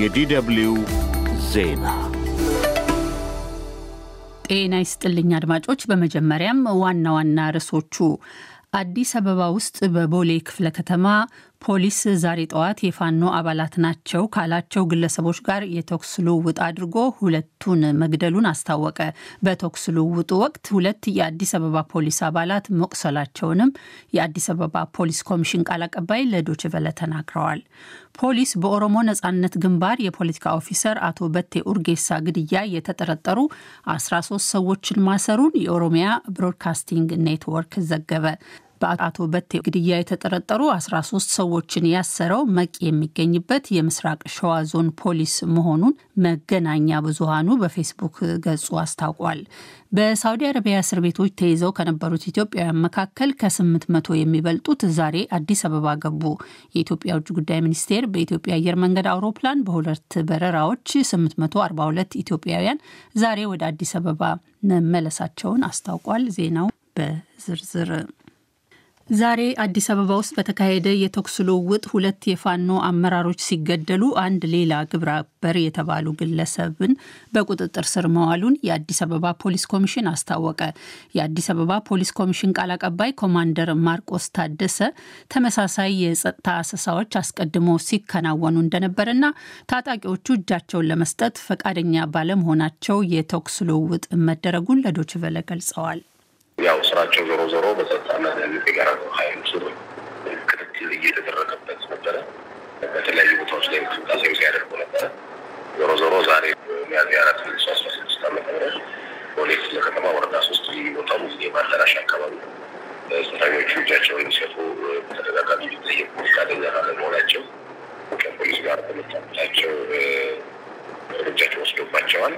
የዲደብልዩ ዜና ጤና ይስጥልኝ አድማጮች። በመጀመሪያም ዋና ዋና ርዕሶቹ አዲስ አበባ ውስጥ በቦሌ ክፍለ ከተማ ፖሊስ ዛሬ ጠዋት የፋኖ አባላት ናቸው ካላቸው ግለሰቦች ጋር የተኩስ ልውውጥ አድርጎ ሁለቱን መግደሉን አስታወቀ። በተኩስ ልውውጡ ወቅት ሁለት የአዲስ አበባ ፖሊስ አባላት መቁሰላቸውንም የአዲስ አበባ ፖሊስ ኮሚሽን ቃል አቀባይ ለዶችቨለ ተናግረዋል። ፖሊስ በኦሮሞ ነጻነት ግንባር የፖለቲካ ኦፊሰር አቶ በቴ ኡርጌሳ ግድያ የተጠረጠሩ 13 ሰዎችን ማሰሩን የኦሮሚያ ብሮድካስቲንግ ኔትወርክ ዘገበ። በአቶ በቴ ግድያ የተጠረጠሩ 13 ሰዎችን ያሰረው መቂ የሚገኝበት የምስራቅ ሸዋ ዞን ፖሊስ መሆኑን መገናኛ ብዙሃኑ በፌስቡክ ገጹ አስታውቋል። በሳውዲ አረቢያ እስር ቤቶች ተይዘው ከነበሩት ኢትዮጵያውያን መካከል ከ800 የሚበልጡት ዛሬ አዲስ አበባ ገቡ። የኢትዮጵያ ውጭ ጉዳይ ሚኒስቴር በኢትዮጵያ አየር መንገድ አውሮፕላን በሁለት በረራዎች 842 ኢትዮጵያውያን ዛሬ ወደ አዲስ አበባ መመለሳቸውን አስታውቋል። ዜናው በዝርዝር ዛሬ አዲስ አበባ ውስጥ በተካሄደ የተኩስ ልውውጥ ሁለት የፋኖ አመራሮች ሲገደሉ አንድ ሌላ ግብረ አበር የተባሉ ግለሰብን በቁጥጥር ስር መዋሉን የአዲስ አበባ ፖሊስ ኮሚሽን አስታወቀ። የአዲስ አበባ ፖሊስ ኮሚሽን ቃል አቀባይ ኮማንደር ማርቆስ ታደሰ ተመሳሳይ የጸጥታ አሰሳዎች አስቀድሞ ሲከናወኑ እንደነበርና ታጣቂዎቹ እጃቸውን ለመስጠት ፈቃደኛ ባለመሆናቸው የተኩስ ልውውጥ መደረጉን ለዶችቨለ ገልጸዋል። ያው ስራቸው ዞሮ ዞሮ በጸጥታና ደህንነት የጋራ ኃይል ስር ክትትል እየተደረገበት ነበረ። በተለያዩ ቦታዎች ላይ እንቅስቃሴ ሲያደርጉ ነበረ። ዞሮ ዞሮ ዛሬ ሚያዝያ አራት ሁለት ሺህ አስራ ስድስት ዓመተ ምህረት ቦሌ ክፍለ ከተማ ወረዳ ሶስት ልዩ ቦታው ሙዚየም አዳራሽ አካባቢ ጽንፈኞቹ እጃቸውን የሚሰጡ በተደጋጋሚ ሊጠየቁ ፈቃደኛ ባለመሆናቸው ከፖሊስ ጋር በመታቸው እርምጃ ወስዶባቸዋል።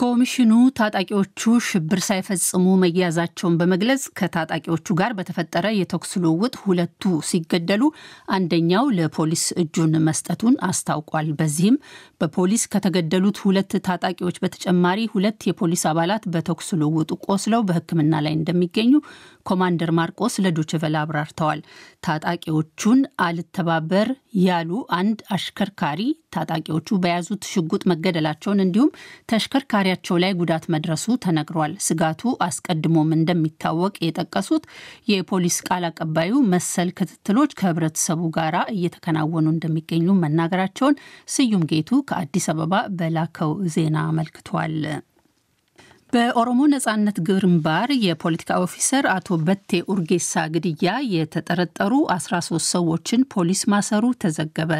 ኮሚሽኑ ታጣቂዎቹ ሽብር ሳይፈጽሙ መያዛቸውን በመግለጽ ከታጣቂዎቹ ጋር በተፈጠረ የተኩስ ልውውጥ ሁለቱ ሲገደሉ አንደኛው ለፖሊስ እጁን መስጠቱን አስታውቋል። በዚህም በፖሊስ ከተገደሉት ሁለት ታጣቂዎች በተጨማሪ ሁለት የፖሊስ አባላት በተኩስ ልውውጡ ቆስለው በሕክምና ላይ እንደሚገኙ ኮማንደር ማርቆስ ለዶችቨላ አብራርተዋል። ታጣቂዎቹን አልተባበር ያሉ አንድ አሽከርካሪ ታጣቂዎቹ በያዙት ሽጉጥ መገደላቸውን እንዲሁም ተሽከርካሪያቸው ላይ ጉዳት መድረሱ ተነግሯል። ስጋቱ አስቀድሞም እንደሚታወቅ የጠቀሱት የፖሊስ ቃል አቀባዩ መሰል ክትትሎች ከህብረተሰቡ ጋር እየተከናወኑ እንደሚገኙ መናገራቸውን ስዩም ጌቱ ከአዲስ አበባ በላከው ዜና አመልክቷል። በኦሮሞ ነጻነት ግንባር የፖለቲካ ኦፊሰር አቶ በቴ ኡርጌሳ ግድያ የተጠረጠሩ 13 ሰዎችን ፖሊስ ማሰሩ ተዘገበ።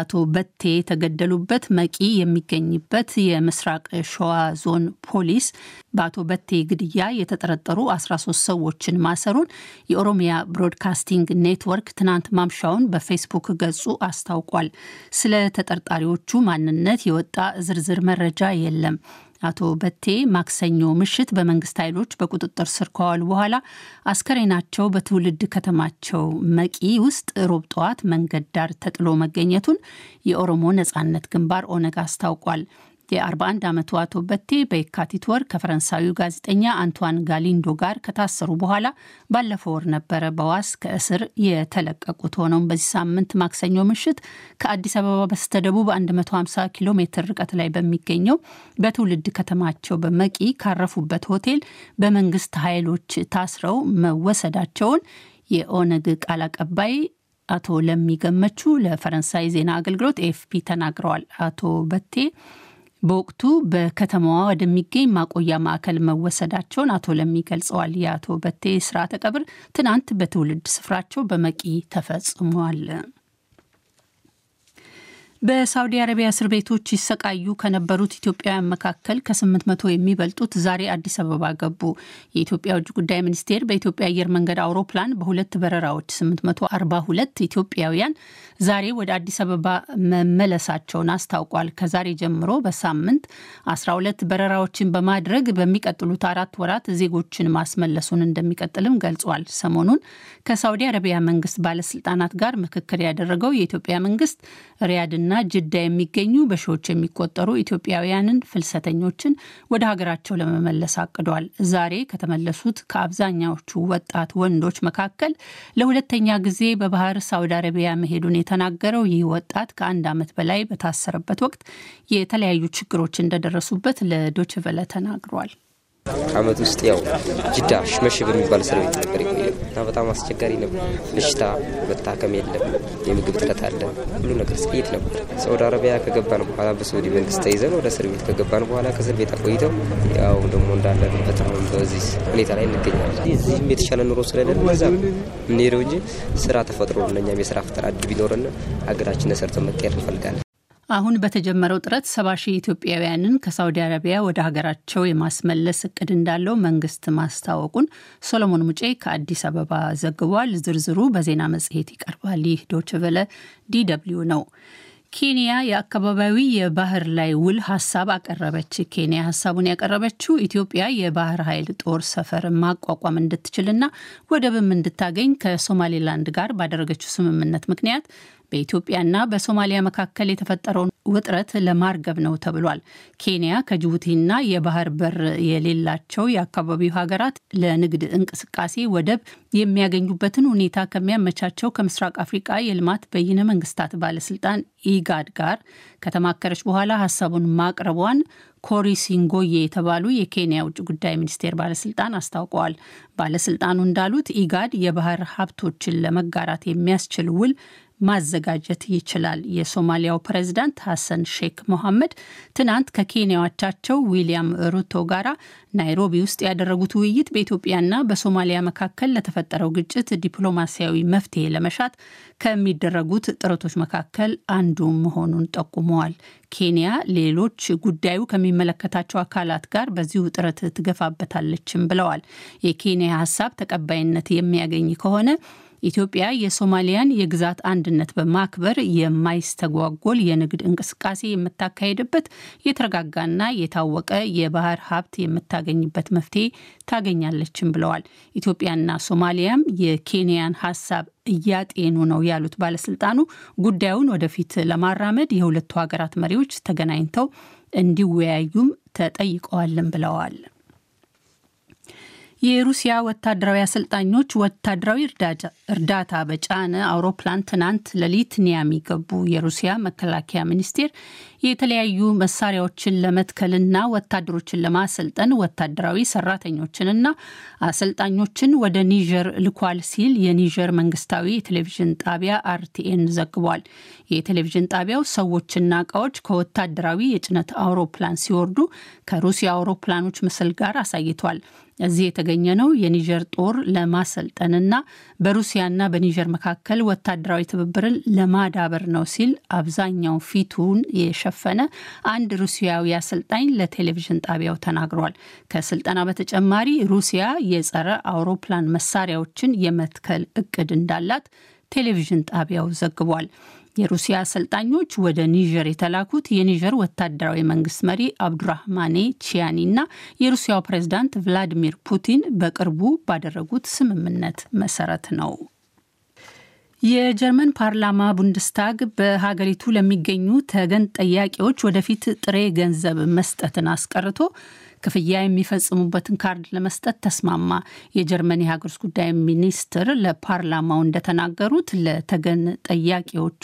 አቶ በቴ የተገደሉበት መቂ የሚገኝበት የምስራቅ ሸዋ ዞን ፖሊስ በአቶ በቴ ግድያ የተጠረጠሩ 13 ሰዎችን ማሰሩን የኦሮሚያ ብሮድካስቲንግ ኔትወርክ ትናንት ማምሻውን በፌስቡክ ገጹ አስታውቋል። ስለ ተጠርጣሪዎቹ ማንነት የወጣ ዝርዝር መረጃ የለም። አቶ በቴ ማክሰኞ ምሽት በመንግስት ኃይሎች በቁጥጥር ስር ከዋሉ በኋላ አስከሬናቸው በትውልድ ከተማቸው መቂ ውስጥ ሮብ ጠዋት መንገድ ዳር ተጥሎ መገኘቱን የኦሮሞ ነጻነት ግንባር ኦነግ አስታውቋል። የ41 ዓመቱ አቶ በቴ በየካቲት ወር ከፈረንሳዊው ጋዜጠኛ አንቷን ጋሊንዶ ጋር ከታሰሩ በኋላ ባለፈው ወር ነበረ በዋስ ከእስር የተለቀቁት። ሆነውም በዚህ ሳምንት ማክሰኞ ምሽት ከአዲስ አበባ በስተደቡብ 150 ኪሎ ሜትር ርቀት ላይ በሚገኘው በትውልድ ከተማቸው በመቂ ካረፉበት ሆቴል በመንግስት ኃይሎች ታስረው መወሰዳቸውን የኦነግ ቃል አቀባይ አቶ ለሚገመቹ ለፈረንሳይ ዜና አገልግሎት ኤፍፒ ተናግረዋል። አቶ በቴ በወቅቱ በከተማዋ ወደሚገኝ ማቆያ ማዕከል መወሰዳቸውን አቶ ለሚ ገልጸዋል። የአቶ በቴ ስርዓተ ቀብር ትናንት በትውልድ ስፍራቸው በመቂ ተፈጽሟል። በሳውዲ አረቢያ እስር ቤቶች ይሰቃዩ ከነበሩት ኢትዮጵያውያን መካከል ከስምንት መቶ የሚበልጡት ዛሬ አዲስ አበባ ገቡ። የኢትዮጵያ ውጭ ጉዳይ ሚኒስቴር በኢትዮጵያ አየር መንገድ አውሮፕላን በሁለት በረራዎች 842 ኢትዮጵያውያን ዛሬ ወደ አዲስ አበባ መመለሳቸውን አስታውቋል። ከዛሬ ጀምሮ በሳምንት 12 በረራዎችን በማድረግ በሚቀጥሉት አራት ወራት ዜጎችን ማስመለሱን እንደሚቀጥልም ገልጿል። ሰሞኑን ከሳውዲ አረቢያ መንግስት ባለስልጣናት ጋር ምክክር ያደረገው የኢትዮጵያ መንግስት ሪያድና ጅዳ የሚገኙ በሺዎች የሚቆጠሩ ኢትዮጵያውያንን ፍልሰተኞችን ወደ ሀገራቸው ለመመለስ አቅዷል። ዛሬ ከተመለሱት ከአብዛኛዎቹ ወጣት ወንዶች መካከል ለሁለተኛ ጊዜ በባህር ሳውዲ አረቢያ መሄዱን የተናገረው ይህ ወጣት ከአንድ ዓመት በላይ በታሰረበት ወቅት የተለያዩ ችግሮች እንደደረሱበት ለዶችቨለ ተናግሯል። አመት ውስጥ ያው ጅዳ ሽመሽ በሚባል እስር ቤት ነበር የቆየ እና በጣም አስቸጋሪ ነበር። በሽታ መታከም የለም፣ የምግብ እጥረት አለ፣ ሁሉ ነገር ስቅይት ነበር። ሳውዲ አረቢያ ከገባን በኋላ በሳውዲ መንግስት ተይዘን ወደ እስር ቤት ከገባን በኋላ ከእስር ቤት አቆይተው ያው ደግሞ እንዳለንበት አሁን በዚህ ሁኔታ ላይ እንገኛለን። እዚህም የተሻለ ኑሮ ስለሌለ ዛ የምንሄደው እንጂ ስራ ተፈጥሮ ለእኛም የስራ ፍጠር አድ ቢኖርና ሀገራችን ሰርተን መቀየር እንፈልጋለን። አሁን በተጀመረው ጥረት ሰባ ሺህ ኢትዮጵያውያንን ከሳውዲ አረቢያ ወደ ሀገራቸው የማስመለስ እቅድ እንዳለው መንግስት ማስታወቁን ሶሎሞን ሙጬ ከአዲስ አበባ ዘግቧል። ዝርዝሩ በዜና መጽሔት ይቀርባል። ይህ ዶችቨለ ዲደብሊው ነው። ኬንያ የአካባቢያዊ የባህር ላይ ውል ሀሳብ አቀረበች። ኬንያ ሀሳቡን ያቀረበችው ኢትዮጵያ የባህር ኃይል ጦር ሰፈር ማቋቋም እንድትችልና ወደብም እንድታገኝ ከሶማሌላንድ ጋር ባደረገችው ስምምነት ምክንያት በኢትዮጵያና በሶማሊያ መካከል የተፈጠረውን ውጥረት ለማርገብ ነው ተብሏል። ኬንያ ከጅቡቲና የባህር በር የሌላቸው የአካባቢው ሀገራት ለንግድ እንቅስቃሴ ወደብ የሚያገኙበትን ሁኔታ ከሚያመቻቸው ከምስራቅ አፍሪቃ የልማት በይነ መንግስታት ባለስልጣን ኢጋድ ጋር ከተማከረች በኋላ ሀሳቡን ማቅረቧን ኮሪ ሲንጎዬ የተባሉ የኬንያ ውጭ ጉዳይ ሚኒስቴር ባለስልጣን አስታውቀዋል። ባለስልጣኑ እንዳሉት ኢጋድ የባህር ሀብቶችን ለመጋራት የሚያስችል ውል ማዘጋጀት ይችላል። የሶማሊያው ፕሬዝዳንት ሐሰን ሼክ ሞሐመድ ትናንት ከኬንያዎቻቸው ዊሊያም ሩቶ ጋር ናይሮቢ ውስጥ ያደረጉት ውይይት በኢትዮጵያና በሶማሊያ መካከል ለተፈጠረው ግጭት ዲፕሎማሲያዊ መፍትሄ ለመሻት ከሚደረጉት ጥረቶች መካከል አንዱ መሆኑን ጠቁመዋል። ኬንያ ሌሎች ጉዳዩ ከሚመለከታቸው አካላት ጋር በዚሁ ጥረት ትገፋበታለችም ብለዋል። የኬንያ ሀሳብ ተቀባይነት የሚያገኝ ከሆነ ኢትዮጵያ የሶማሊያን የግዛት አንድነት በማክበር የማይስተጓጎል የንግድ እንቅስቃሴ የምታካሄድበት የተረጋጋና የታወቀ የባህር ሀብት የምታገኝበት መፍትሄ ታገኛለችም ብለዋል። ኢትዮጵያና ሶማሊያም የኬንያን ሀሳብ እያጤኑ ነው ያሉት ባለስልጣኑ ጉዳዩን ወደፊት ለማራመድ የሁለቱ ሀገራት መሪዎች ተገናኝተው እንዲወያዩም ተጠይቀዋልም ብለዋል። የሩሲያ ወታደራዊ አሰልጣኞች ወታደራዊ እርዳታ በጫነ አውሮፕላን ትናንት ለሊት ኒያሚ ገቡ። የሩሲያ መከላከያ ሚኒስቴር የተለያዩ መሳሪያዎችን ለመትከልና ወታደሮችን ለማሰልጠን ወታደራዊ ሰራተኞችንና አሰልጣኞችን ወደ ኒጀር ልኳል ሲል የኒጀር መንግስታዊ የቴሌቪዥን ጣቢያ አርቲኤን ዘግቧል። የቴሌቪዥን ጣቢያው ሰዎችና እቃዎች ከወታደራዊ የጭነት አውሮፕላን ሲወርዱ ከሩሲያ አውሮፕላኖች ምስል ጋር አሳይቷል። እዚህ የተገኘ ነው የኒጀር ጦር ለማሰልጠንና በሩሲያና በኒጀር መካከል ወታደራዊ ትብብርን ለማዳበር ነው ሲል አብዛኛው ፊቱን የሸፈነ አንድ ሩሲያዊ አሰልጣኝ ለቴሌቪዥን ጣቢያው ተናግሯል። ከስልጠና በተጨማሪ ሩሲያ የጸረ አውሮፕላን መሳሪያዎችን የመትከል እቅድ እንዳላት ቴሌቪዥን ጣቢያው ዘግቧል። የሩሲያ አሰልጣኞች ወደ ኒጀር የተላኩት የኒጀር ወታደራዊ መንግስት መሪ አብዱራህማኔ ቺያኒ እና የሩሲያው ፕሬዝዳንት ቭላዲሚር ፑቲን በቅርቡ ባደረጉት ስምምነት መሰረት ነው። የጀርመን ፓርላማ ቡንድስታግ በሀገሪቱ ለሚገኙ ተገን ጠያቂዎች ወደፊት ጥሬ ገንዘብ መስጠትን አስቀርቶ ክፍያ የሚፈጽሙበትን ካርድ ለመስጠት ተስማማ። የጀርመን የሀገር ውስጥ ጉዳይ ሚኒስትር ለፓርላማው እንደተናገሩት ለተገን ጠያቂዎቹ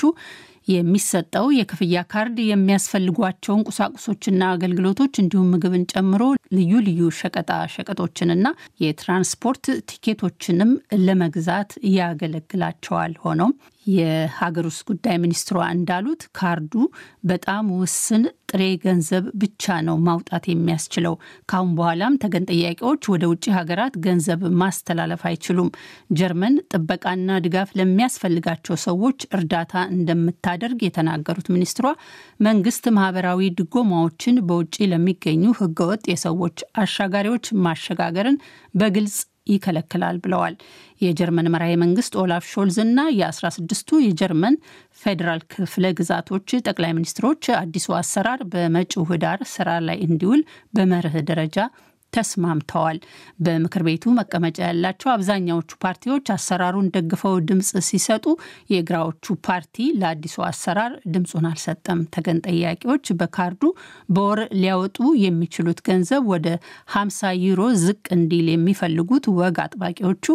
የሚሰጠው የክፍያ ካርድ የሚያስፈልጓቸውን ቁሳቁሶችና አገልግሎቶች እንዲሁም ምግብን ጨምሮ ልዩ ልዩ ሸቀጣ ሸቀጦችንና የትራንስፖርት ቲኬቶችንም ለመግዛት ያገለግላቸዋል። ሆኖም የሀገር ውስጥ ጉዳይ ሚኒስትሯ እንዳሉት ካርዱ በጣም ውስን ጥሬ ገንዘብ ብቻ ነው ማውጣት የሚያስችለው። ካሁን በኋላም ተገን ጠያቂዎች ወደ ውጭ ሀገራት ገንዘብ ማስተላለፍ አይችሉም። ጀርመን ጥበቃና ድጋፍ ለሚያስፈልጋቸው ሰዎች እርዳታ እንደምታደርግ የተናገሩት ሚኒስትሯ መንግስት ማህበራዊ ድጎማዎችን በውጭ ለሚገኙ ህገወጥ የሰዎች አሻጋሪዎች ማሸጋገርን በግልጽ ይከለክላል ብለዋል። የጀርመን መራሄ መንግስት ኦላፍ ሾልዝ እና የ16ቱ የጀርመን ፌዴራል ክፍለ ግዛቶች ጠቅላይ ሚኒስትሮች አዲሱ አሰራር በመጪው ህዳር ስራ ላይ እንዲውል በመርህ ደረጃ ተስማምተዋል። በምክር ቤቱ መቀመጫ ያላቸው አብዛኛዎቹ ፓርቲዎች አሰራሩን ደግፈው ድምፅ ሲሰጡ፣ የግራዎቹ ፓርቲ ለአዲሱ አሰራር ድምፁን አልሰጠም። ተገን ጠያቂዎች በካርዱ በወር ሊያወጡ የሚችሉት ገንዘብ ወደ 50 ዩሮ ዝቅ እንዲል የሚፈልጉት ወግ አጥባቂዎቹ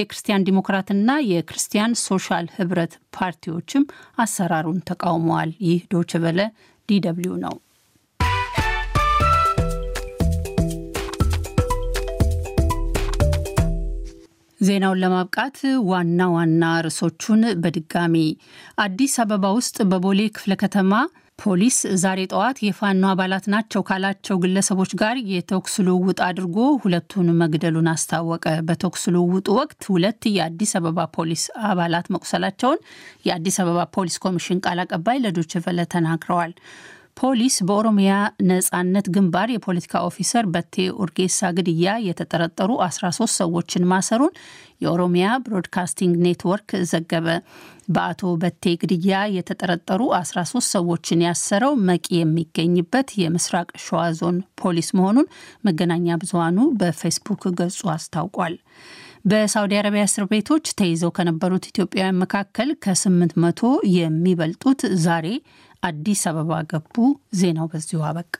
የክርስቲያን ዲሞክራትና የክርስቲያን ሶሻል ህብረት ፓርቲዎችም አሰራሩን ተቃውመዋል። ይህ ዶችቨለ ዲደብሊው ነው። ዜናውን ለማብቃት ዋና ዋና ርዕሶቹን በድጋሚ አዲስ አበባ ውስጥ በቦሌ ክፍለ ከተማ ፖሊስ ዛሬ ጠዋት የፋኖ አባላት ናቸው ካላቸው ግለሰቦች ጋር የተኩስ ልውውጥ አድርጎ ሁለቱን መግደሉን አስታወቀ። በተኩስ ልውውጡ ወቅት ሁለት የአዲስ አበባ ፖሊስ አባላት መቁሰላቸውን የአዲስ አበባ ፖሊስ ኮሚሽን ቃል አቀባይ ለዶችቨለ ተናግረዋል። ፖሊስ በኦሮሚያ ነጻነት ግንባር የፖለቲካ ኦፊሰር በቴ ኡርጌሳ ግድያ የተጠረጠሩ 13 ሰዎችን ማሰሩን የኦሮሚያ ብሮድካስቲንግ ኔትወርክ ዘገበ። በአቶ በቴ ግድያ የተጠረጠሩ 13 ሰዎችን ያሰረው መቂ የሚገኝበት የምስራቅ ሸዋ ዞን ፖሊስ መሆኑን መገናኛ ብዙሃኑ በፌስቡክ ገጹ አስታውቋል። በሳውዲ አረቢያ እስር ቤቶች ተይዘው ከነበሩት ኢትዮጵያውያን መካከል ከ800 የሚበልጡት ዛሬ አዲስ አበባ ገቡ። ዜናው በዚሁ አበቃ።